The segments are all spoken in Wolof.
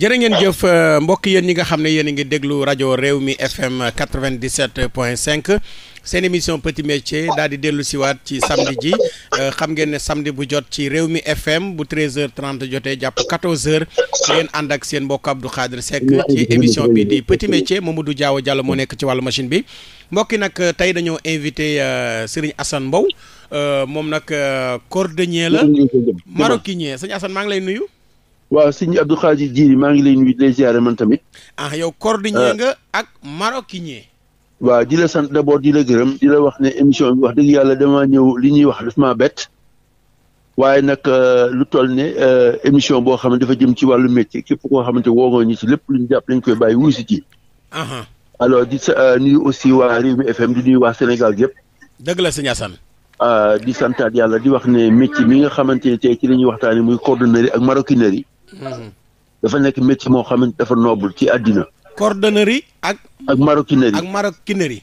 jërë ngeen jëf euh, mbokk yéen ñi nga xam ne yéen a ngi déglu rajo réew mi FM 97 point 5 seen émission petit métier daal di dellu siwaat ci samedi ji euh, xam ngeen ne samedi bu jot ci réew mi FM bu 13h30 jotee jàpp 14h ngeen ànd ak seen mbokk du Khadre Seck ci émission bi di petit métier Mamadou Diaw Diallo moo nekk ci wàllu machine bi mbokki nag euh, tey dañoo invité Serigne Assane Mbow moom nag cordonnier la maroquinier Serigne Assane maa ngi lay nuyu. waaw sëñ Abdou Khadir Jiiri maa ngi lay nuyu di man tamit. ah yow cordonnier euh. nga ak maroquinier. waaw di la sant d'abord di la gërëm di la wax ne émission bi wax dëgg yàlla damaa ñëw li ñuy wax daf maa bett. waaye nag euh, lu toll ne euh, émission boo xam ne dafa jëm ci wàllu métier képp koo xamante woo nga ñu ci lépp lu ñu jàpp lañ koy bàyyi wuusi ci. alors di sa nuyu aussi waa Rewmi FM di nuyu waa Sénégal yëpp. dëgg la sa Assane. di santaat yàlla di wax ne métier mi nga xamante ne tey ci la ñuy waxtaanee muy cordonnerie ak maroquinerie. Hmm. dafa nekk métier moo xam ne dafa noble ci àddina. cordonnerie ak. ak maroquinerie ak maroquinerie.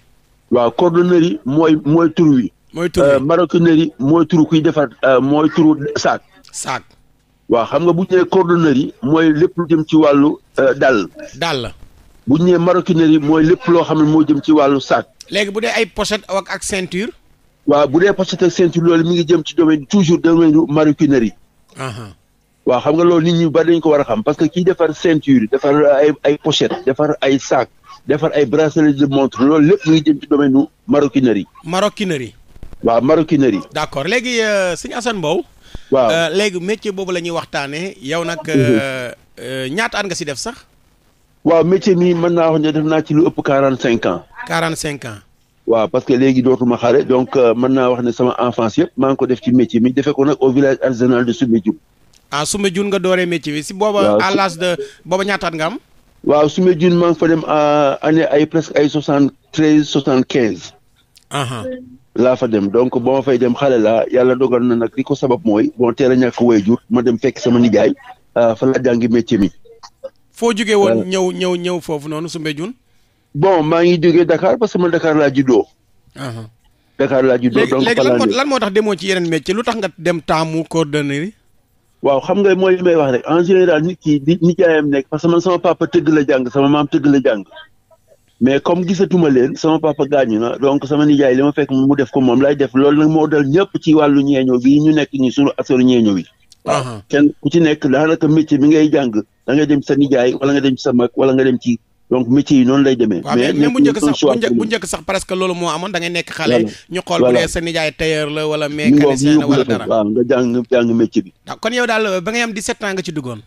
waaw cordonnerie mooy mooy tur wi. mooy tur wi euh, mooy turu kuy defar euh, mooy turu saak. saak. waaw xam nga bu ñu nee cordonnerie mooy lépp lu jëm ci wàllu euh, dàll. dàll. bu ñu nee maroquinerie mooy lépp loo xam ne moo jëm ci wàllu saak. léegi bu dee ay pochette ak ak ceinture. waaw bu dee pochette ak ceinture loolu mi ngi jëm ci domaine toujours de domaine maroquinerie. waaw xam nga loolu nit ñu bari dañ ko war a xam parce que kii defar ceinture defar ay ay defar ay sac defar ay bracelet de montre loolu lépp mu ngi jëm ci domaine nu maroquinerie. maroquinerie. waaw maroquinerie. d'accord léegi euh, sëñ Assane Mbow. waa euh, léegi métier boobu la ñuy waxtaanee yow nag. Mhm. Euh, ñaata at nga si def sax. waaw métier mi mën naa wax ne def naa ci lu ëpp quarante cinq ans. quarante cinq ans. waaw parce que léegi dootuma xale donc mën naa wax ne sama enfance yëpp maa ngi ko def ci métier mi defee ko nag au village artisanal ah Soumbédioune nga dooree métier bi si booba à l'âge booba ñaataat nga am waaw Soumbédioune maa ngi fa dem ah, année ay presque ay soixante treize soixante quinze ah, ah. laa fa dem donc ba fay dem xale laa yàlla dogal na nag li ko sabab mooy bon teel a ñàkk jur ma dem fekk sama nijaay fa laa jàngi métier mi foo jógee woon ñëw ñëw ñëw foofu noonu Soumbédioune bon maa ngi jógee dakaar parce que man Dakar laa juddoo Dakar laa juddoo donc léegi lan moo tax demoo ci yeneen métier lu tax nga dem taamu coordonné waaw xam nga mooy li may wax rek en ni kii ki di nijaayam nekk parce que man sama papa tëgg la jàng sama maam tëgg la jàng mais comme gisatuma leen sama papa gaañu na donc sama nijaay li ma fekk mu def ko moom lay def loolu nag moo dal ñëpp ci wàllu ñeeño bi ñu nekk ni suñu asoru ñeeño bi waaw kenn ku ci nekk daanaka métier bi ngay jàng da ngay dem sa nijaay wala nga dem ci sa mag wala nga dem ci donc métier yi noonu lay demee. mais mais bu njëkk sax bu njëkk sax parce que loolu moo amoon da ngay nekk xale. ñu xool bu dee sa nijaay tailleur la wala mécanicien la wala dara waaw nga jàng nga jàng ah, kon yow daal euh, ba ngay am 17 ans nga ci duggoon.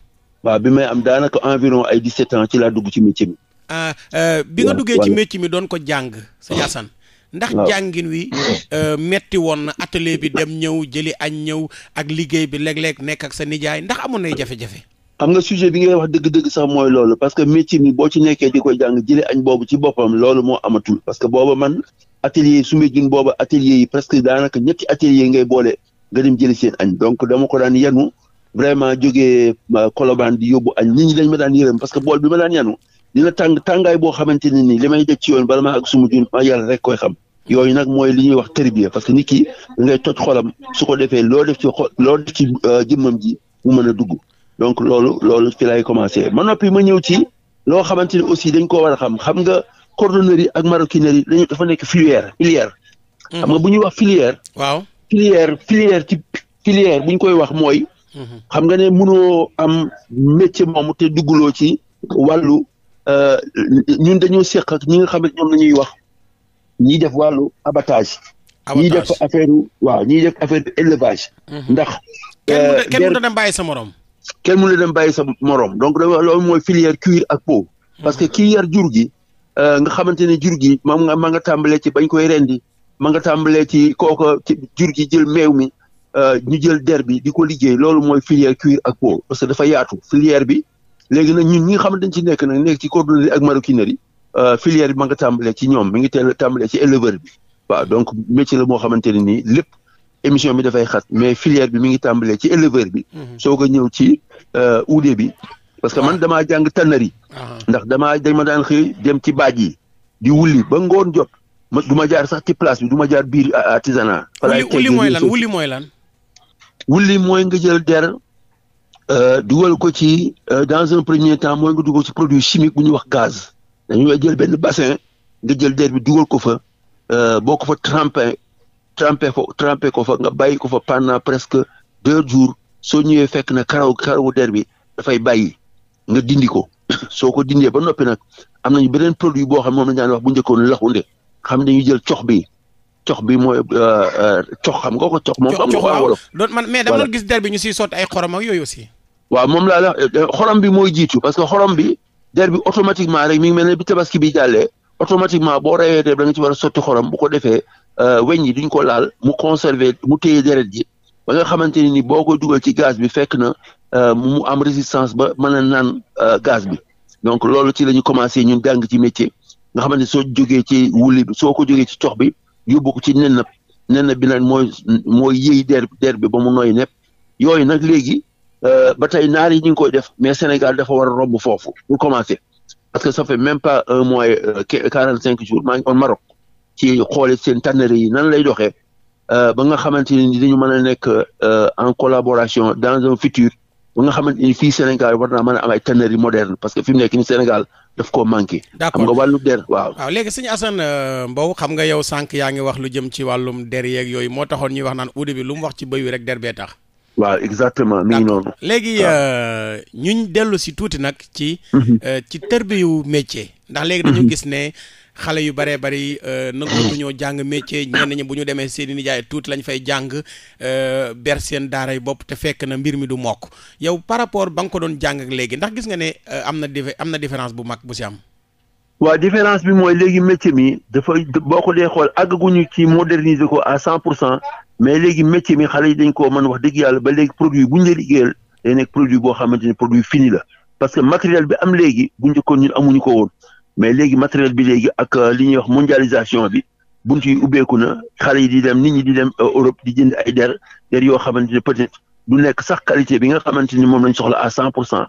waaw bi may am daanaka environ ay 17 ans ci laa dugg ci métier bi. Ah, euh, bi nga duggee mi doon ko jàng sa Yaasan. ndax jàngin wi euh, metti woon na atelier bi dem ñëw jëli añ ñëw ak liggéey bi léeg-léeg nekk ak sa nijaay ndax amoon nay jafe-jafe. xam nga sujet bi ngay wax dëgg-dëgg sax mooy lool parce que métier mi boo ci nekkee di koy jàng jëlee añ boobu ci boppam loolu moo amatul parce que booba man atelier su ma jun booba atelier yi presque daanaka ñetti atelier ngay boole nga dem jëli seen añ donc dama ko daan yanu vraiment jógee euh, Colobane di yóbbu añ nit ñi dañ ma daan yërëm parce que bool bi ma daan yanu dina tàng tàngaay boo xamante ne ni li may def yoon bala maa ak suma jun ma yàlla rek koy xam yooyu nag mooy li ñuy wax tarbiya parce que nit ki da ngay toj su ko defee loo def ci xol loo euh, ji mu mën a dugg donc loolu loolu ci lay commencé ma noppi ma ñëw ci loo xamante ni aussi dañ koo war a xam xam nga cordonnerie ak maroquinerie dañu dafa nekk filière filière. xam nga mm-hmm. bu ñuy wax filière. waaw filière filière ci filière bu ñu koy wax mooy. Mm-hmm. xam nga ne mënoo am métier moomu te dugguloo ci wàllu euh, ñun dañoo seq ak ñi nga xam ne ñoom la ñuy wax ñiy def wàllu abatage abattage ñiy def affaire waaw ñiy def affaire élevage. Mm-hmm. ndax. kenn euh, kenn mënut a dem bàyyi sa moroom kenn mënu dem bàyyi sa moroom donc loolu mooy filière cuir ak po parce que kii yar jur gi euh, nga xamante ne jur gi ma nga ma nga tàmbalee ci bañ koy rendi ma nga tàmbalee ci kooka jur gi jël meew mi euh, ñu jël der bi di ko liggéey loolu mooy filière cuir ak peau parce que dafa yaatu filière bi léegi nag ñun ñi nga xamante ne ci nekk nag nekk ci cordonnerie ak maroquinerie euh, filière bi ma nga tàmbalee ci ñoom mi ngi teel a tàmbalee ci éleveur bi waa donc métier la moo xamante ne nii lépp émission bi dafay xat mais filière bi mi ngi tàmbalee ci éleveur bi. Mhm. soo ko ñëw ci euh, uude bi. parce que man ah. damaa jàng tanari ah. ndax damaa dama daan xëy dem ci baaj yi. di wuli ba ngoon jot. ma du ma sax ci place bi du ma jaar biir euh, artisanat. wuli mooy lan mooy nga jël der. Euh, dugal ko ci dans un premier temps mooy nga dugal ci produit chimique bu ñuy wax gaz. dañuy jël benn bassin nga jël der bi dugal ko fa. boo ko fa trempé trempé ko trempé ko fa nga bàyyi ko fa pendant presque deux jours soo ñëwee fekk na karaw karawu der bi dafay bàyyi nga dindi ko soo ko dindee ba noppi nag am nañu beneen produit boo xam moom la ñu wax bu njëkkoon laxunde xam dañuy jël cox bi cox bi mooy euh, euh, cox xam nga ko cox. moom am dama doon gis der bi ñu siy sotti ay xorom ak yooyu aussi. waaw moom laa euh, xorom bi mooy jiitu parce que xorom bi der bi automatiquement rek mi ngi bi tabaski bi jàllee automatiquement boo rayee der da nga ci Euh, weñ yi duñ ko laal mu conserver mu téye deret ji ba nga xamante ne ni boo ko dugal ci gaz bi fekk na euh, mu am résistance ba mën a naan euh, gaz bi donc loolu ci la ñu commencé ñun jàng ci métier nga xamante soo jógee ci wuli bi soo ko jógee ci cox bi yóbbu ko ci nen na nen na bi nag mooy mooy yëy der der bi ba mu noy nepp yooyu nag léegi ba tey naar yi ñu ngi koy def mais Sénégal dafa war a romb foofu pour commencer parce que ça fait même pas un mois quarante cinq jours maa ngi oon Maroc ci xoole seen tànnare yi nan lay doxee euh, ba nga xamante ni dañu mën a nekk euh, en collaboration dans un futur ba nga xamante ni fii Sénégal war naa mën a am ay tanneries moderne parce que fi mu nekk ni Sénégal daf koo manqué. d'accord xam nga wàllu der waaw. waaw léegi sëñ Assane euh, Mbow xam nga yow sànq yaa ngi wax lu jëm ci wàllum der yeeg yooyu moo taxoon ñuy wax naan uude bi lu wax ci bëy wi rek der bee tax. waaw exactement mi ngi noonu. léegi ñu dellu si tuuti nag ci. Mhm. ci tërbiyu métier. ndax léegi dañu mhm. gis ne. xale yu baree bari euh, nangootuñoo jàng métier ñenn ñi bu ñu demee seeni nijaay tuuti lañ fay jàng euh, ber seen daaray bopp te fekk na mbir mi du mokk yow par rapport ba nga ko doon jàng ak léegi ndax gis nga ne euh, am na dife am na différence bu mag bu si am. waa différence bi mooy léegi métier mi dafa boo ko dee xool àggaguñu ci moderniser ko à cent pour cent mais léegi métier mi xale yi dañ koo mën wax dëgg yàlla ba léegi produit bu ñu la liggéeyal boo xamante ne produit fini la parce que matériel bi am léegi bu njëkkoon ñun amuñu ko woon. mais léegi matériel bi léegi ak euh, li ñuy wax mondialisation bi bunt yi ubbeeku na xale yi di dem nit ñi di dem euh, Europe di jënd ay der der yoo xamante ne peut-être du nekk sax qualité bi nga xamante ni moom lañ soxla à cent pour cent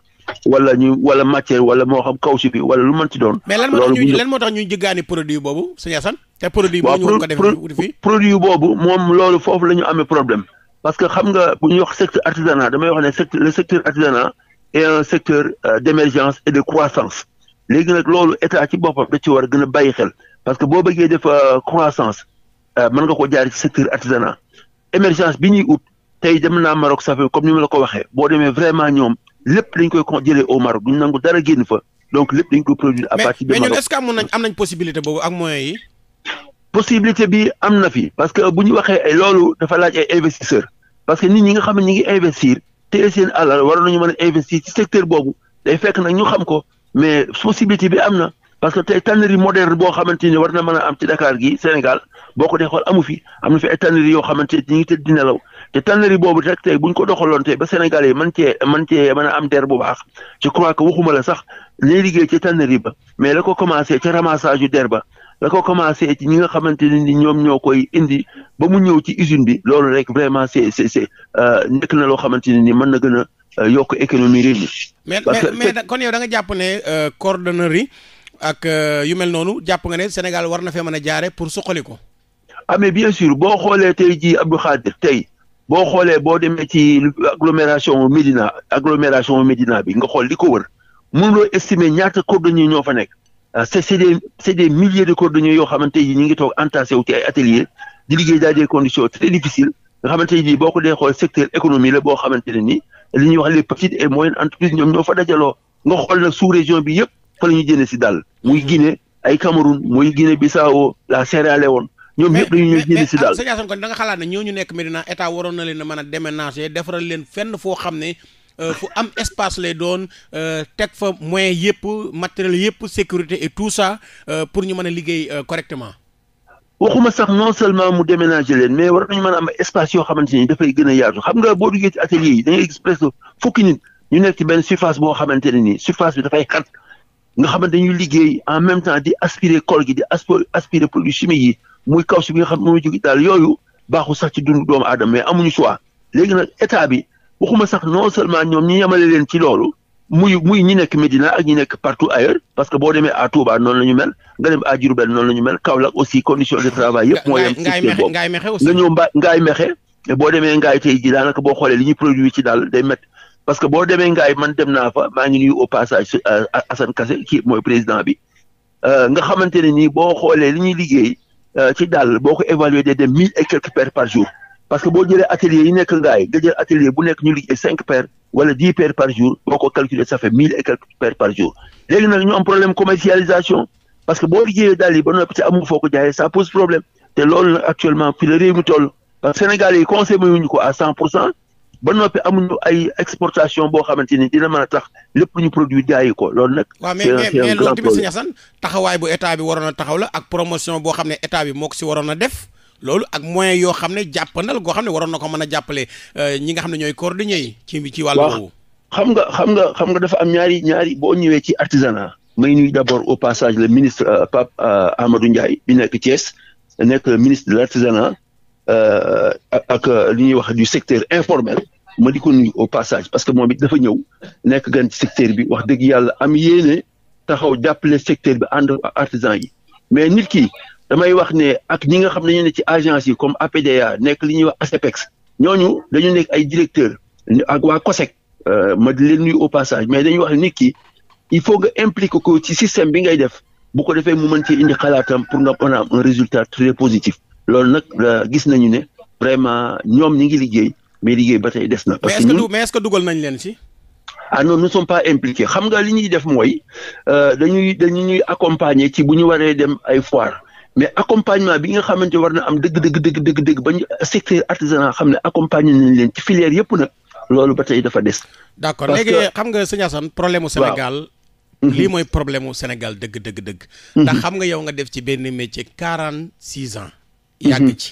wala ñu wala matière wala moo xam kaw si bi wala lu mën ci doon. mais lan moo tax ñuy lan moo tax ñuy jëggaani produit boobu sëñ Assane te produit boobu ñu ko def fii produit boobu moom loolu foofu la amee problème parce que xam nga bu ñuy wax secteur artisanat damay wax ne secteur le secteur artisanat est un secteur euh, d'émergence et de léegi nag loolu état ci boppam da ci war a gën a bàyyi xel parce que boo bëggee def euh, croissance euh, mën nga ko jaar ci secteur artisanat émergence bi ñuy ut tey dem naa Maroc safi comme ni ma la ko waxee boo demee vraiment ñoom lépp dañ koy jëlee au Maroc duñ nangu dara génn fa donc lépp dañ koy produire à partir de Maroc mais ñun est am nañ possibilité boobu ak moyens yi. possibilité bi am na fi parce que bu ñu waxee ay eh, loolu dafa laaj ay investisseurs parce que nit ñi nga xam ne ñu ngi investir te seen alal nañu mën a investir ci secteur boobu fekk nag ñu xam ko mais possibilité bi am na parce que tey tannerie moderne boo xamante ni war na mën a am ci Dakar gi Sénégal boo ko dee xool amu fi am na fi ay tannerie yoo xamante ni ñu ngi tëdd di nelaw te boobu rek tey bu ñu ko doxaloon tey ba Sénégal yi mën cee mën cee mën am der bu baax je crois que waxuma la sax lay liggéey ci tannerie ba mais la ko commencé ca ramassage yu der ba la ko commencé ci ñi nga xamante ne ni ñoom ñoo koy indi ba mu ñëw ci usine bi loolu rek vraiment c'est c'est euh, nekk na loo xamante ne ni mën na gën a. Euh, yokk économie réew mais mais mais kon yow da nga jàpp ne euh, coordonnerie ak euh, yu mel noonu jàpp nga ne Sénégal war na fee mën a jaare pour suqali ko. amee ah, mais bien sûr boo xoolee te tey jii Abdou Khadir tey boo xoolee boo demee ci agglomération Médina agglomération Médina bi nga xool di ko wër mënuloo estimer ñaata cordonniers ñoo fa nekk. Ah, c'est c'est des de cordonniers yoo xamante yi ñu ngi toog entassé wu ci ay atelier di liggéey dans des conditions très difficiles nga xamante ni boo ko dee xool secteur la boo xamante ne ni li ñuy wax les petites et moyennes entreprises ñoom ñoo fa dajaloo nga xool nag sous région bi yëpp fa la ñuy jëlee si daal muy hmm. Guinée ay Cameroun muy Guinée Bissau la Sierra woon ñoom yëpp dañu ñuy si daal mais mais kon da nga xalaat ne ñooñu nekk Medina état waroon na leen man a déménager defaral leen fenn foo xam ne euh, fu am espace lay doon euh, teg fa moyens yëpp matériel yëpp sécurité et tout ça euh, pour ñu mën a liggéey correctement. waxuma sax non seulement mu déménager leen mais war nañu mën a am espace xamante ni dafay gën a yaatu xam nga boo duggee ci atelier yi da ngay fukki nit ñu nekk ci benn surface boo xamante ne nii surface bi dafay xat nga xamante dañuy liggéey en même temps di aspirer col gi di aspirer produit chimique yi muy kaw si bi nga xam moo jógi daal yooyu baaxu sax ci dundu doomu aadama mais amuñu choix léegi nag état bi waxuma sax non seulement ñoom ñu yemale leen ci loolu muy muy ñi nekk Médina ak ñi nekk partout ailleurs parce que boo demee à Touba noonu la ñu mel nga dem à Diourbel noonu la ñu mel Kaolack aussi condition de travail yëpp. moo yem système boobu Ngaay Mexe aussi. nga ñëw Mexe boo demee Ngaay tey jii daanaka boo xoolee li ñu produit ci daal day métti parce que boo demee Ngaay man dem naa fa maa ngi nuyu au passage euh, Assane Kassé kii mooy président bi euh, nga xamante ne nii boo xoolee li ñuy liggéey euh, ci daal boo ko évaluer day dem mille et quelques paires par jour parce jëlee atelier yi nekk Ngaay nga jël atelier bu nekk ñu cinq paires wala dix paires par jour boo ko calculer ça fait mille et par jour léegi nag ñu problème commercialisation parce que boo liggéeyee daal yi ba noppi te amul foo ko jaayee ça pose problème te loolu nag actuellement fi la réew mi toll Sénégal yi consommé wuñu ko à cent pour cent ba noppi amuñu ay exportation boo xamante ni dina mën a tax lépp ñu produit jaayi ko loolu nag. waaw mais mais loolu tamit sëñ Assane taxawaay bu état bi waroon a taxaw la ak promotion boo xam ne état bi moo ko waroon a def. loolu ak moyen yoo xam ne jàppandal goo xam ne waroon na ko mën a jàppale euh, ñi nga xam ne ñooy cordonnier yi ci ci wàllu woowu xam nga xam nga xam nga dafa am ñaari ñaari boo ñëwee ci artisanat may nuyu d'abord au passage le ministre euh, Pape euh, Amadou Ndiaye bi nekk Thiès nekk le ministre de l'artisanat ak li ñuy wax du secteur informel ma di ko nuyu au passage parce que moom it dafa ñëw nekk gan ci secteur bi wax dëgg yàlla am yéene taxaw jàppale secteur bi ànd artisan yi mais damay wax ne ak ñi nga xam ne ne ci agence yi comme APDA nekk li ñuy wax ASEPEX ñooñu dañu nekk ay directeur ak waa COSEC euh, ma di leen nuyu au passage mais dañuy wax nit ki il faut nga impliquer ko ci système bi ngay def bu ko defee mu mën ci indi xalaatam pour nga mën a am un résultat très positif loolu nag euh, gis nañu ne vraiment ñoom ñi ngi liggéey mais liggéey ba tey des na. parce que ñun mais est-ce que dugal nañ leen ci. ah non nous ne sommes pas impliqués xam nga li ñuy def mooy euh, dañuy dañuy accompagner ci bu ñu waree dem ay foire mais accompagnement bi nga xamante war na am dëgg dëgg dëgg dëgg dëgg ba ñu secteur artisanal xam ne accompagné nañ leen ci filière yëpp nag loolu ba tey dafa des. d' accord léegi xam nga sëñ Assane problème mu Sénégal. Mhm. lii mooy problème mu Sénégal dëgg dëgg dëgg. Mhm. ndax xam nga yow nga def ci benn métier quarante six ans. Mhm. yàgg ci.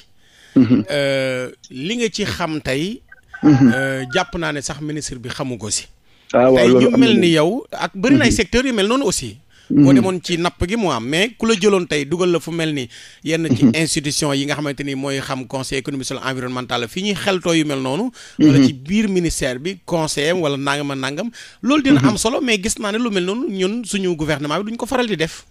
Euh, li nga ci xam tey. Euh, jàpp naa ne sax ministre bi xamu ko si. ah waaw loolu am na tey ñu mel ni yow ak bëri na ay secteurs mel noonu aussi. Mm-hmm. boo demoon ci napp gi mu am mais ku la jëloon tey dugal la fu mel ni yenn ci mm-hmm. institution yi nga xamante ni mooy xam conseil économique social environnemental fi ñuy xeltoo yu mel noonu mm-hmm. wala ci biir ministère bi conseil am wala nangam a nangam loolu dina am solo mais gis naa ne lu mel noonu ñun suñu gouvernement bi duñ ko faral di def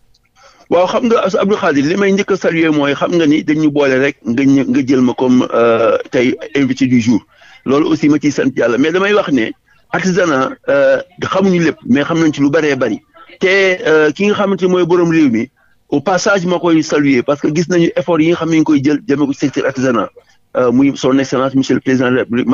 waaw xam nga Abdou Khadir li may njëkk a saluer mooy xam nga ni dañu boole rek nga nga jël ma comme euh, tey invité du jour loolu aussi ma ciy sant yàlla mais damay wax ne artisanat euh, xamuñu lépp mais xam nañ ci lu bëree bëri te euh, ki nga xamante ni mooy borom réew mi au passage ma koy saluer parce que gis nañu effort yi nga xam ne ñu koy jël jëmee ko secteur artisanat euh, muy son excellence monsieur le président de la République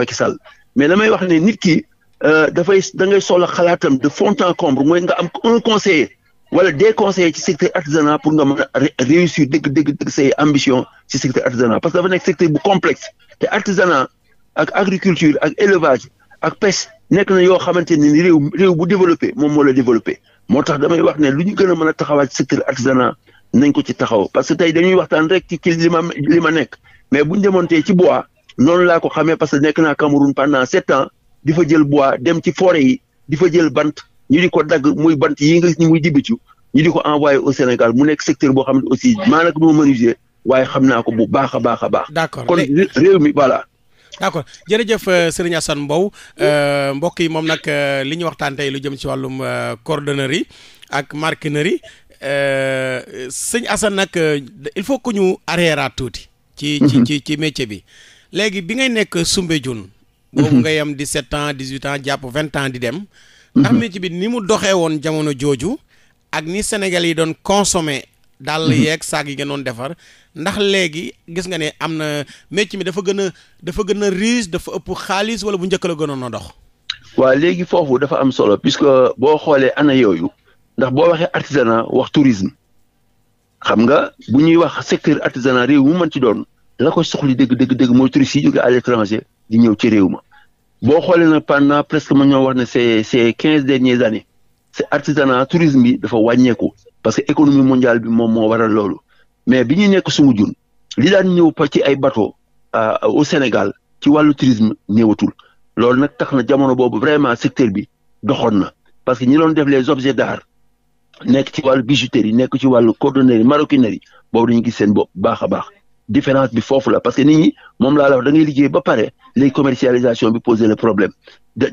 mais damay wax ne nit ki euh, dafay da ngay soxla xalaatam de fond en comble mooy nga am un conseiller wala des conseillers ci secteur artisanat pour nga mën a réussir dëgg dëgg dëgg say ambition ci secteur artisanat parce que dafa nekk secteur bu complexe te artisanat ak agriculture ak élevage ak pêche nekk na yoo xamante ni réew réew bu développé moom moo la développé moo tax damay wax ne lu ñu gën a mën a taxawaat secteur artisanat nañ ko ci taxaw parce que tey dañuy waxtaan rek ci ci li ma li ma nekk mais bu ñu demontee ci bois noonu laa ko xamee parce que nekk naa Cameroun pendant sept ans di fa jël bois dem ci forêt yi di fa jël bant ñu di ko dagg muy bant yi nga ñu muy dibicu ñu di ko envoyé au Sénégal mu nekk secteur boo xam ne aussi maa nag moo menuisier waaye xam naa ko bu baax a baax a baax. d'accord kon réew mi voilà. d' accord jërëjëf euh, sëriñ Assane Mbow euh, mbokk yi moom nag euh, li ñu waxtaan tey lu jëm ci wàllum cordonnerie ak maroquinerie sëñ Assane nag il faut que ñu arréeraat tuuti. ci ci mhm. ci ci bi. léegi bi ngay nekk Soumbédioune. Mhm. boobu ngay am 17 ans 18 ans jàpp 20 ans di dem. ndax mhm. métier bi ni mu doxee woon jamono jooju. ak ni Sénégal yi doon consommer dàll daal mhm. yeeg saag yi ngeen doon defar ndax léegi gis nga ne am na métier mi dafa gën a dafa gën a riche dafa ëpp xaalis wala bu njëkkal a gënoon a dox. waa léegi foofu dafa am solo puisque boo xoolee anna yooyu ndax boo waxee artisanat wax tourisme xam nga bu ñuy wax secteur artisanat réew mu mën ci doon la ko soxli dëgg dëgg dëgg mooy touristes yi jóge à l'étranger di ñëw ci réew ma boo xoolee nag pendant presque ma ñoo wax na ces ces quinze dernières années c'est artisanat tourisme bi dafa wàññeeku parce que économie mondiale bi moom moo waral loolu mais bi ñu nekk suñu jun li daan ñëw pa ci ay bateau au Sénégal ci wàllu tourisme ñëwatul loolu nag tax na jamono boobu vraiment secteur bi doxoon na parce que ñi doon def les objets d'art nekk ci wàllu bijouterie nekk ci wàllu cordonnerie maroquinerie boobu dañu gis seen bopp baax a baax différence bi foofu la parce que nit moom laa la wax liggéey ba pare léegi commercialisation bi poser le problème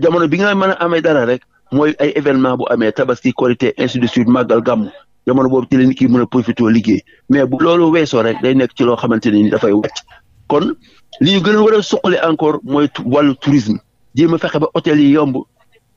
jamono bi nga mën a amee dara rek mooy ay événement bu amee tabaski korité ainsi de suite màggal jamono boobu ci la nit ki mën a profité liggéey mais bu loolu weesoo rek day nekk ci loo xamante ne ni dafay wàcc kon li ñu gën a a suqali encore mooy wàllu tourisme jéem a fexe ba hôtel yi yomb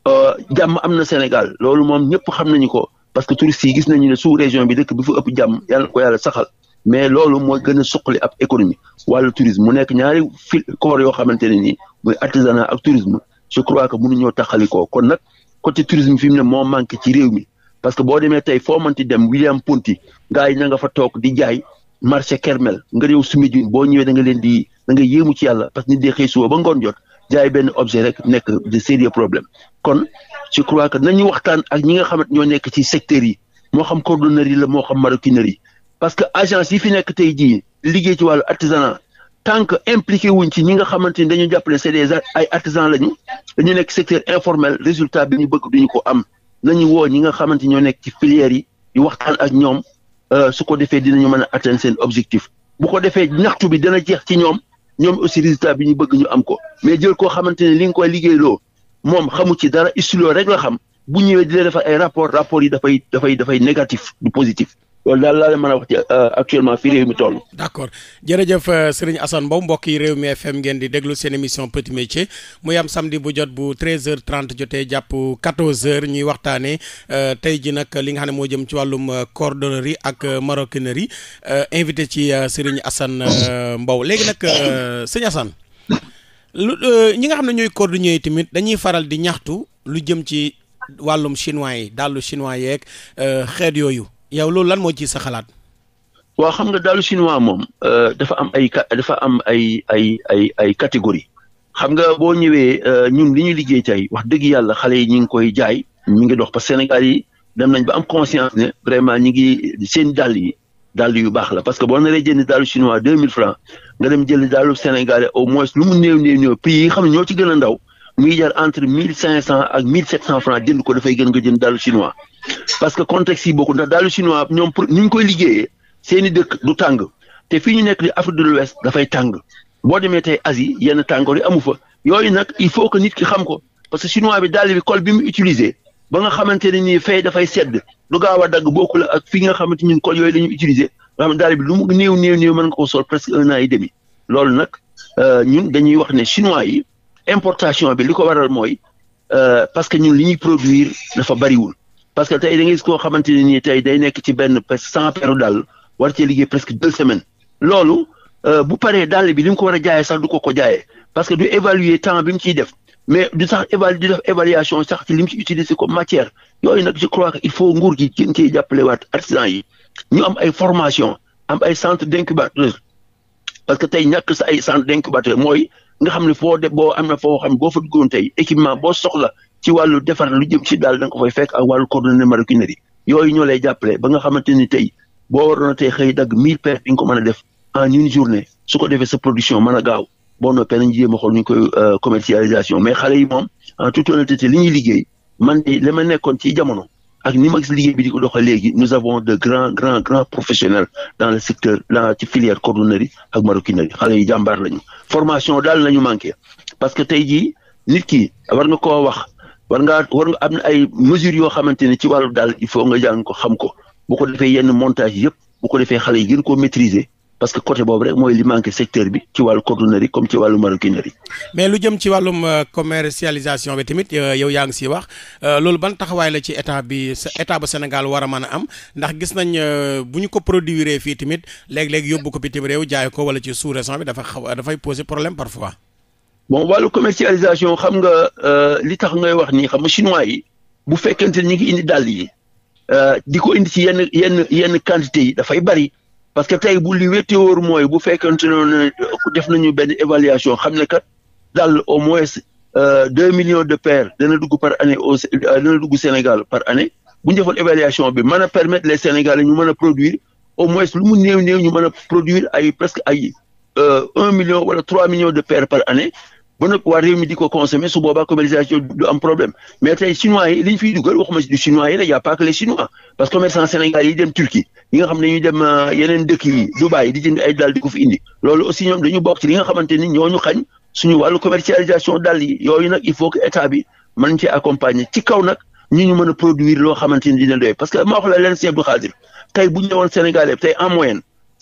euh, jàmm am na Sénégal loolu moom ñëpp xam nañu ko parce que touristes yi gis nañu ne sous région bi dëkk bi fu ëpp jàmm yàlla ko yàlla saxal mais loolu mooy gën a suqali ab économie wàllu tourisme mu nekk ñaari fil koor yoo xamante ne nii muy artisanat ak tourisme je crois que mënuñoo taxali ko kon nag côté tourisme fi mu ne moo manqué ci réew mi parce que boo demee tey foo mënti dem William Ponty gars yi ña nga fa toog di jaay marché Kermel nga réew Soumbédioune boo ñëwee da nga leen di da nga yéemu ci yàlla parce que nit dee xëy suba ba ngoon jot jaay benn objet rek nekk de sérieux problème kon je crois que nañu waxtaan ak ñi nga xamante ñoo nekk ci secteurs yi moo xam cordonnerie la moo xam maroquinerie parce que agence yi fi nekk tey jii liggéey ci wàllu artisanat tant que impliqué wuñ ci ñi nga xamante ni dañu jàppale c'est des ay artisans lañu dañu nekk secteur informel résultat bi ñu bëgg duñu ko am nañu woo ñi nga xamante ñoo nekk ci filières yi di waxtaan ak ñoom euh, su ko defee dinañu mën a atteindre seen objectif bu ko defee ñaxtu bi dana jeex ci ñoom ñoom aussi résultat bi ñu bëgg ñu am ko mais jël koo xamante ne li nga koy liggéeyloo moom xamu ci dara istiloo rek la xam bu ñëwee di la defar ay rapport rapport yi dafay dafay dafay négatif du positif loolu daal laa leen mën a wax ci euh, actuellement fi réew mi toll. d' accord jërëjëf euh, Serigne Assane Mbow mbokk yi réew mi FM ngeen di déglu seen émission petit métier muy am samedi bu jot bu 13h30 jotee jàpp 14h ñuy waxtaanee euh, tey ji nag li nga xam ne moo jëm ci wàllum cordonnerie ak maroquinerie invité ci Serigne Assane Mbow léegi nag sëñ Assane. lu ñi nga xam ne ñooy cordonnier yi tamit dañuy faral di ñaxtu lu jëm ci wàllum chinois yi dàllu chinois yeeg xeet yooyu. yow loolu lan moo ci sa xalaat. waaw xam nga dalu chinois moom euh, dafa am ay dafa am ay ay ay ay catégorie xam nga boo ñëwee euh, ñun li ñu liggéey tey wax dëgg yàlla xale yi ñu ngi koy jaay ñu ngi dox parce que Sénégal yi dem nañ ba am conscience ne vraiment ñu ngi seen dàll yi dàll yu baax la parce que boo naree jënd dàllu chinois deux mille francs nga dem jënd dàllu Sénégalais au mois lu mu néew néew néew prix yi xam ne ñoo ci gën a ndaw mi ngi jar entre mille cinq cent ak mille sept cent franc jënd ko dafay gën nga jënd daalu chinois parce que contexte yi bokkul ndax daalu chinois ñoom pour ni ñu koy liggéeyee seeni dëkk du tàng te fii ñu nekk di Afrique de l'Ouest dafay tàng boo demee tey Asie yenn tàngoor yi amu fa yooyu nag il faut que nit ki xam ko parce que chinois bi daal bi col bi mu utilisé ba nga xamante ne nii fay dafay sedd du gaaw a dagg la ak fi nga xamante ñun col yooyu la ñuy utilisé nga xam daal bi lu mu néew néew néew mën nga loolu nag euh, ñun dañuy wax ne chinois yi. importation bi li ko waral mooy euh, parce que ñun li ñuy produire dafa bariwul parce que tey da ngay koo xamante ne nii tey day nekk ci benn presque cent paires dàll war cee liggéey presque deux semaines loolu euh, bu paree dàll bi li mu ko war a jaayee sax du ko ko jaaye parce que du évaluer temps bi mu ciy def mais du sax évalu du def évaluation sax ci li mu ci utiliser comme matière yooyu nag je crois il faut nguur gi gën cee jàppale waat artisan yi ñu am ay formation am ay centre d'incubateur parce que tey ñàkk sa ay centre d'incubateur mooy nga xam ne foo de boo am na foo xam boo fa duggoon tey équipement boo soxla ci wàllu defar lu jëm ci daal da nga ko fay fekk ak wàllu coordonné maroquinerie yooyu lay jàppale ba nga xamante ni tey boo waroon a tey xëy dagg mille paires di ko mën a def en une journée su ko defee sa production mën a gaaw boo noppee nañ jéem a xool ñu koy euh, commercialisation mais xale yi moom en toute honnêteté li ñuy liggéey man de nekkoon ci jamono ak ni ma gis liggéey bi di ko doxal léegi nous avons de grands grands grands professionnels dans le secteur dans ci filière cordonnerie ak maroquinerie xale yi jàmbaar lañu formation daal lañu manqué parce que tey jii nit ki war nga koo wax war ngaa war nga am na ay mesures yoo xamante ne ci wàllu daal il faut nga jàng ko xam ko bu ko defee yenn montage yëpp bu ko defee xale yi gën koo maîtriser parce que côté boobu rek mooy li manqué secteur bi ci wàllu cordonnerie comme ci wàllu maroquinerie. mais lu jëm ci wàllum euh, commercialisation bi tamit euh, yow yaa ngi siy wax euh, loolu ban taxawaay la ci état bi sa état bu Sénégal war a mën a am ndax gis nañ bu ñu ko produire fii tamit léeg-léeg yóbbu ko bitim réew jaay ko wala ci sous-région bi dafa xaw dafay poser problème parfois. bon wàllu commercialisation xam nga li tax ngay wax nii xam nga chinois yi bu fekkente ni ñu ngi indi dàll yi di ko indi ci yenn yenn yenn quantité yi dafay bari. parce que tey bu li wetti wóor mooy bu fekkente ne def nañu benn évaluation xam ne kat daal au moins euh, deux millions de paires dana dugg par année au euh, dana dugg Sénégal par année bu ñu defoon bi mën a permettre les Sénégalais ñu mën a produire au moins lu mu néew néew ñu mën a produire ay presque ay euh, un million wala trois millions de paires par année ba nag waa réew mi di ko consommer su boobaa commercialisation du am problème mais tey chinois li ñu fiy dugal waxuma du chinois yi rek y' a pas que les chinois parce que commerçant sénégalais yi dem Turquie ñi dem euh, yeneen dëkk yi Dubaï di jënd ay daal di fi indi loolu aussi ñoom dañu bokk ci li nga xamante ni ñooñu xañ suñu wàllu commercialisation dàll yi yooyu nag il faut que état bi mën ci accompagner ci kaw nag ñu ñu mën a produire loo xamante ni dina doy parce que ma wax la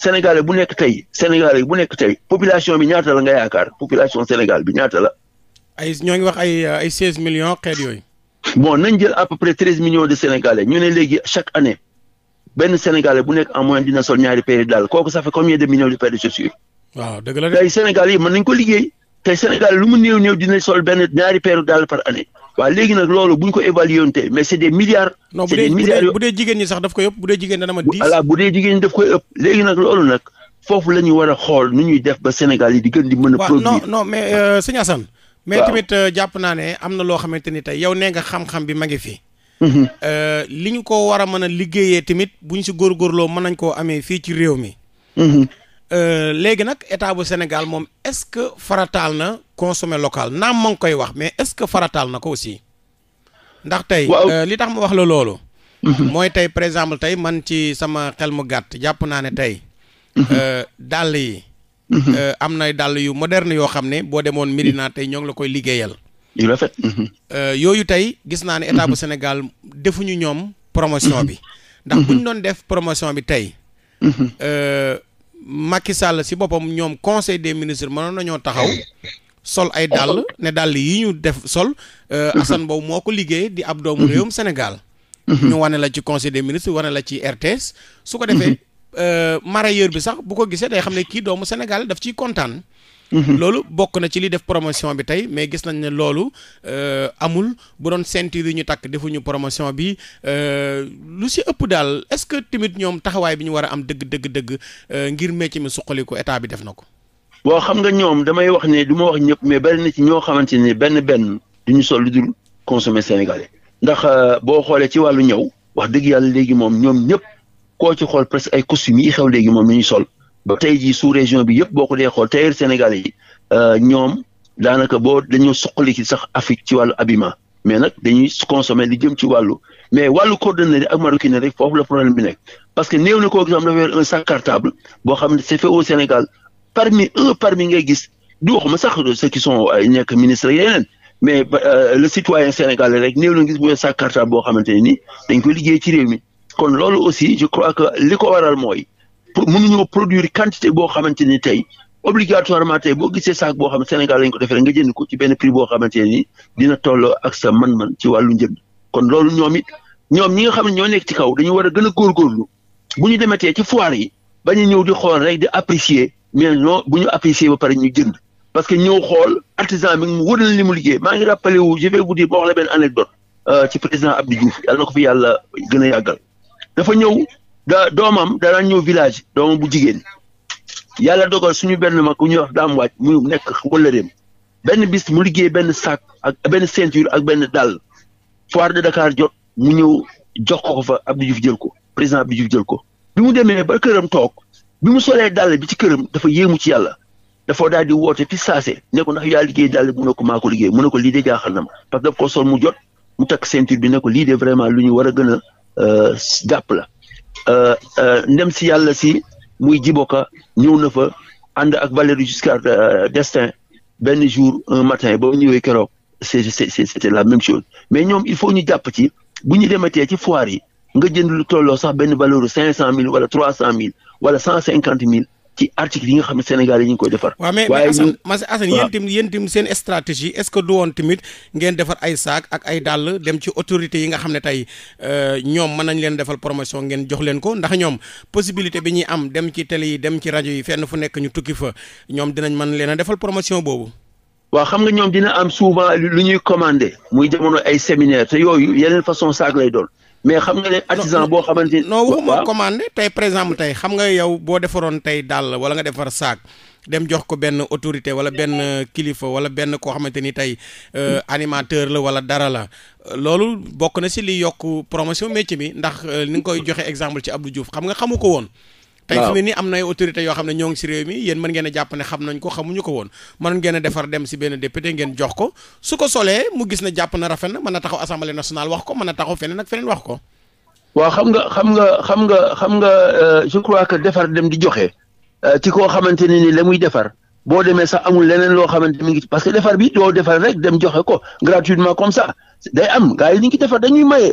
Sénégalais bu nekk tey Sénégalais bu nekk tey population bi ñaata la nga yaakaar population Sénégal bi ñaata la. ay ñoo ngi wax ay ay seize millions xeet yooyu. bon nañ jël à peu près treize millions de Sénégalais ñu ne léegi chaque année benn Sénégalais bu nekk en moyenne dina sol ñaari paires daal kooku ça fait combien de millions de paires de chaussures. waaw dëgg la de tey yi mën nañ ko liggéey tey Sénégal lu mu néew néew dina sol benn ñaari paires daal par année. waaw léegi nag loolu bu ñu ko évalué tey mais c' est des milliards. c' est des milliards non bu dee jigéen ñi sax daf koy ëpp bu dee jigéen dana ma diis. voilà bu dee jigéen ñi daf koy ëpp léegi nag loolu nag foofu la ñu war a xool nu ñuy def ba Sénégal yi di gën di mën a. a non non mais euh, sëñ Assane. mais tamit euh, jàpp naa ne am na loo xamante ni tey yow nee nga xam-xam bi ma ngi fi. Mhm. Euh, li ñu ko war a mën a liggéeyee tamit bu ñu si góorgóorloo mën nañ koo amee fii ci réew mi. Mhm. Euh, léegi nag état bu Sénégal moom est-ce que farataal na consommer local naam ma ngi koy wax mais est-ce que farataal na ko aussi. ndax tey euh, li tax mu wax la loolu. Mhm. mooy tey par exemple tey man ci sama xel mu gàtt jàpp naa ne tey. Mhm. Euh, dàll yi. Mhm. am na dàll yu moderne yoo xam ne boo demoon Médina tey ñoo ngi la koy liggéeyal. yu rafet. yooyu tey gis naa ne état bu Sénégal defuñu ñoom promotion bi. ndax buñ doon def promotion bi tey. Macky Sall si boppam ñoom conseil des ministres mënoon nañoo taxaw sol ay dàll ne dàll yi ñu def sol euh, Assane boobu moo ko liggéey di ab doomu réewum Sénégal mhm. ñu wane la ci conseil des ministres wane la ci RTS su ko defee Euh, maraîchère bi sax bu ko gisee day xam ne kii doomu Sénégal daf ciy kontaan. Mhm. loolu bokk na ci li def promotion bi tey mais gis nañ ne loolu euh, amul bu doon ceinture yi ñu takk defuñu promotion bi euh, lu si ëpp daal est-ce que tamit ñoom taxawaay bi ñu war a am dëgg dëgg dëgg ngir métier mi suqaliku état bi def na ko. boo xam nga ñoom damay wax ne du ma wax ñëpp mais bari na ci ñoo xamante ne benn benn du ñu sol lu dul consommer sénégalais ndax boo xoolee ci wàllu ñëw wax dëgg yàlla léegi moom ñoom ñëpp. koo ci xool presque ay costume yi xew léegi moom la ñu sol ba tey jii sous région bi yëpp boo ko dee xool tey Sénégal yi euh, ñoom daanaka boo dañoo soqali ci sax Afrique ci wàllu habillement mais nag dañuy consommer li jëm ci wàllu mais wàllu coordonné ak marocain rek foofu la problème bi nekk parce que new na ko gis am dafa yor un cartable boo xam ne c'est fait au Sénégal parmi un parmi ngay gis du ma sax ceux qui sont euh, nekk ministre yeneen mais euh, le citoyen sénégalais rek néew na gis bu yor sac boo xamante ne ni dañ koy liggéey ci réew mi kon loolu aussi je crois que li ko waral mooy pour mënuñoo produire quantité boo xamante ni tey obligatoirement tey boo gisee saak boo xam Sénégal lañ ko defee nga jënd ko ci benn prix boo xamante ni dina tolloo ak sa mën-mën ci wàllu njënd kon loolu ñoom it ñoom ñi nga xam ñoo nekk ci kaw dañu war a gën a góorgóorlu bu ñu demetee ci foire yi bañu ñëw di xool rek di apprécier mais non bu ñu apprécier ba pare ñu jënd parce que ñëw xool artisan bi mu wëral li mu liggéey maa ngi rappelé wu je vais vous dire ma wax la benn euh, na ko fi yàlla gën a yàggal dafa ñëw da doomam dana ñëw village doomam bu jigéen yàlla dogal suñu benn ma ku ñuy wax daam waaj mu nekk wëllëreem benn bis mu liggéey benn sac ak benn ceinture ak benn dàll foire de Dakar jot mu ñëw jox ko fa Abdou Diouf jël ko président Abdou Diouf jël ko bi mu demee ba këram toog bi mu solee dàll bi ci këram dafa yéemu ci yàlla dafa daal di woote fi saase ne ko ndax yaa liggéey dàll bi mu ne ko maa ko ne ko lii de na ma parce que daf ko sol mu jot mu takk ceinture bi ne ko lii de vraiment lu ñu war a gën jàpp euh, la euh, euh, ndem si yàlla si muy jiboka ñëw na fa ànd ak Valéry Giscard d'Estaing benn jour un matin ba ñëwee keroog c'est c'est c'était la même chose mais ñoom il faut ñu jàpp ci bu ñu dematee ci foire yi nga jënd lu tolloo sax benn valeur cinq cent mille wala trois cent mille wala cent cinquante mille ci article yi nga xam ne Sénégal yi ñu ngi koy defar. waa mais mais Assane Assane yéen tamit yéen tamit seen stratégie est-ce que du woon tamit ngeen defar ay saak ak ay dàll dem ci autorités yi nga xam ne tey euh, ñoom mën nañ leen defal promotion ngeen jox leen ko ndax ñoom possibilité bi ñuy am dem ci télé yi dem ci rajo yi fenn fu nekk ñu tukki fa ñoom dinañ mën leen a defal promotion boobu. waa xam nga ñoom dina am souvent lu ñuy commandé muy jamono ay séminaire te yooyu yeneen façon saak lay doon. mais xam nga ne artisan boo xamante ni. non waxuma commandé tey par exemple tey xam nga yow boo defaroon tey dàll wala nga defar saak dem jox ko benn autorité wala benn kilifa wala benn koo xamante ni tey euh, animateur la wala dara la euh, loolu bokk na si li yokk promotion métier mi ndax euh, ni nga koy joxe exemple ci Abdou Diouf xam nga xamu ko woon. tey fi mu nii am na ay autorités yoo xam ne ñoo ngi si réew mi yéen mën ngeen a jàpp ne xam nañ ko xamuñu ko woon mënoon ngeen a defar dem si benn député ngeen jox ko su ko solee mu gis na jàpp na rafet na mën na taxaw assemblée nationale wax ko mën na taxaw feneen ak feneen wax ko waaw xam nga xam nga xam nga xam nga euh, je crois que defar dem di joxe euh, ci koo xamante ne ni la muy defar boo demee sax amul leneen loo xamante mi ngi parce que defar bi doo defar rek dem joxe ko gratuitement comme ça day am gars yi ni ngi defar dañuy maye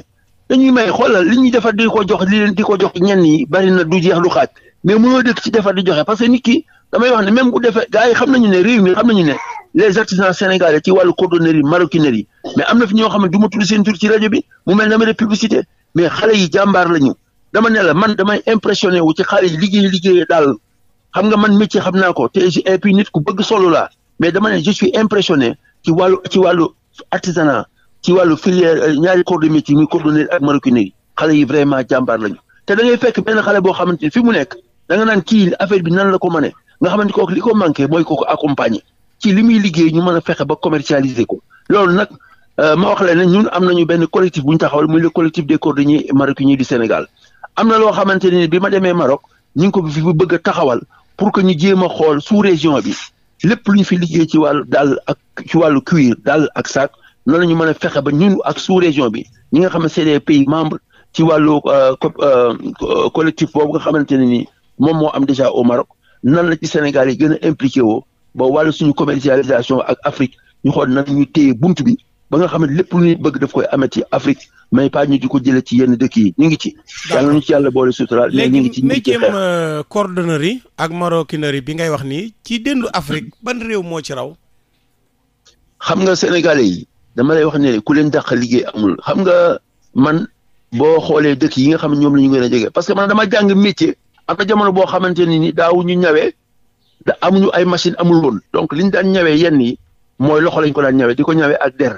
dañuy maye xoolal li ñuy defar di jox li leen di ko jox ñenn yi bari na du jeex du xaaj mais mënoo dëkk ci defar di joxe parce que nit ki damay wax ne même bu defee gars yi xam nañu ne réew mi xam nañu ne les artisans sénégalais ci wàllu cordonnerie maroquinerie mais am na fi ñoo xam ne du ma seen tur ci rajo bi mu mel dama def publicité mais xale yi jàmbaar lañu dama ne la man damay impressionné wu ci xale yi liggéey liggéey daal xam nga man métier xam naa ko te et puis nit ku bëgg solo laa mais dama ne je suis impressionné ci wàllu ci wàllu artisanat ci wàllu filière euh, ñaari corps de métier muy cordonnerie ak maroquinerie xale yi vraiment jàmbaar lañu te da ngay fekk benn xale boo xamante ni fi mu nekk danga naan kii affaire bi nan la ko mënee nga xamante kooku li ko manqué mooy ko ko accompagner ci li muy liggéey ñu mën a fexe ba commercialiser ko loolu nag euh, ma wax leen ne ñun am nañu benn collectif bu ñu taxawal muy le collectif des cordonniers maroquiniers du Sénégal am na loo xamante ne bi ma demee Maroc ñu ngi ko fi bëgg a taxawal pour que ñu jéem xool su région bi lépp lu ñu fi liggéey ci wàllu dal ak ci wàllu cuir daal ak sac noonu la ñu mën a fexe ba ñun ak sous région bi ñi nga xam ne c'est des ci wàllu euh, euh, collectif boobu nga xamante ne nii moom moo am déjà au Maroc nan la ci Sénégal yi gën a impliqué woo ba wall suñu commercialisation ak Afrique ñu xool nan ñu téye bunt bi ba nga xam ne lépp lu ñuy bëgg daf koy amet ci Afrique mais pas ñu di ko jëlee ci yenn dëkk yi ñu ngi ci. yàlla ñu ci yàlla boole suturaal. mais ngi ci ñu ngi ci euh, ak maroquinerie bi ngay wax nii ci dendu Afrique ban réew moo ci raw. xam nga sénégalais yi dama lay wax ne ku leen dàq liggéey amul xam nga man boo xoolee dëkk yi nga xam ne ñoom la ñu gën a jege parce que man dama jàng métier am na jamono boo xamante ni ni daaw ñawee da amuñu ay machine amul woon donc liñ daan ñawee yenn yi mooy loxo lañ ko daan ñawee di ko ñawee ak der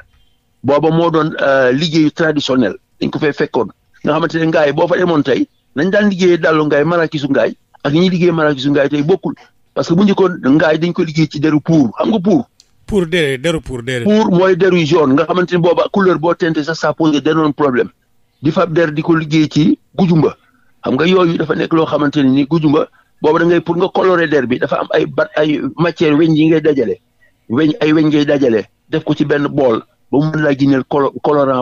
booba moo doon euh, liggéeyu traditionnel dañ ko fay fekkoon nga xamante ne ngaay boo fa demoon tey nañ daan liggéeyee dàllu ngaay marakisu ngaay ak ñi liggéey marakisu ngaay tey bokkul parce que bu njëkkoon ngaay dañ ko liggéey ci deru pour xam nga pour. pour déré deru pour déré. pour mooy deru yu jaune nga xamante ni booba couleur boo teente sax ça pose danoon problème di fab der di ko liggéey ci gujumba xam nga yooyu dafa nekk loo xamante ne ni gujumba boobu da ngay pour nga colorer der bi dafa am ay bat ay matière weñ yi ngay dajale weñ ay weñ ngay dajale def ko ci benn bool ba mu mën laa génneel colo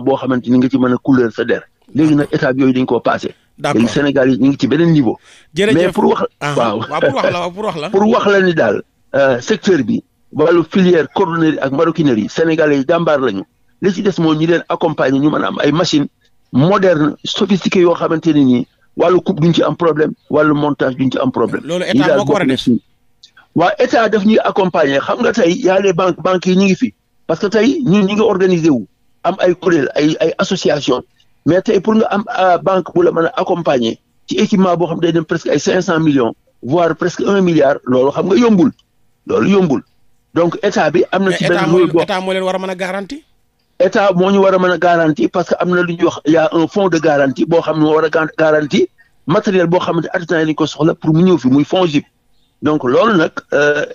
boo xamante ni nga ci mën a couleur sa der léegi nag étape yooyu dañ koo passé. d'accord léegi Sénégal yi ñu ngi ci beneen niveau. jërëjëf mais wax. Ah, waaw pour wax la pour wax la. ni daal euh, secteur bi wàllu filière cordonnerie ak maroquinerie sénégalais yi jàmbaar lañu li ci des moo ñu leen accompagner ñu mën a am ay machines modernes sophistiquées yoo xamante ne nii wàllu coupe duñ ci am problème wàllu montage duñ ci am problème. loolu état moo ko war a def waa état daf nga tey y a les banques yi ñu ngi fi parce que tey ñun ñu ngi organiser wu am ay kuréel ay ay association mais tey pour nga am euh, banque bu la mën a accompagner ci équipement boo xam day dem presque ay cinq cent millions voire presque un miliar loolu xam nga yombul loolu yombul donc état bi. am na ci benn. état moo leen war a mën a garanti. état moo ñu war a mën a garantie parce que am na lu ñuy wax a un fonds de garantie boo xam a garantie boo xamante artisan yi dañu pour mu ñëw fi muy fonds jib donc loolu nag euh,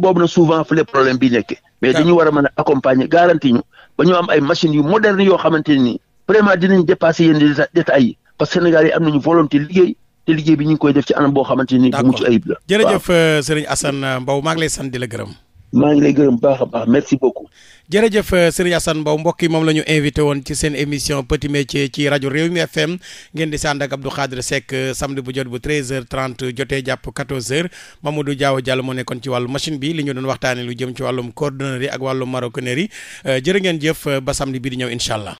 boobu na souvent fa le problème bi nekkee. mais dañu war a mën a accompagner garantie ñu ba ñu am ay machine yu moderne yoo xamante ni vraiment dinañ dépasser yenn détails ay parce que Sénégal yi am nañu volonté liggéey. te liggéey bi ñu ngi koy def ci anam boo xamante ni. bu mucc ayib la jërëjëf euh, Serigne Assane Mbow maa ngi lay sant di la gërëm. maa ngi lay gërëm baax a baax merci beaucoup. jërëjëf euh, Serigne Assane Mbow mbokk moom la ñu invité woon ci seen émission petit métier ci rajo réew mi FM ngeen di sànd ak Abdou Khadre Seck euh, samedi bu jot bu 13h30 jotee jàpp 14h Mamadou jaaw Diallo moo nekkoon ci wàllu machine bi li ñu doon waxtaanee lu jëm ci wàllum coordonnerie ak wàllum maroquinerie euh, jërë ngeen jëf ba samedi bii di ñëw incha allah.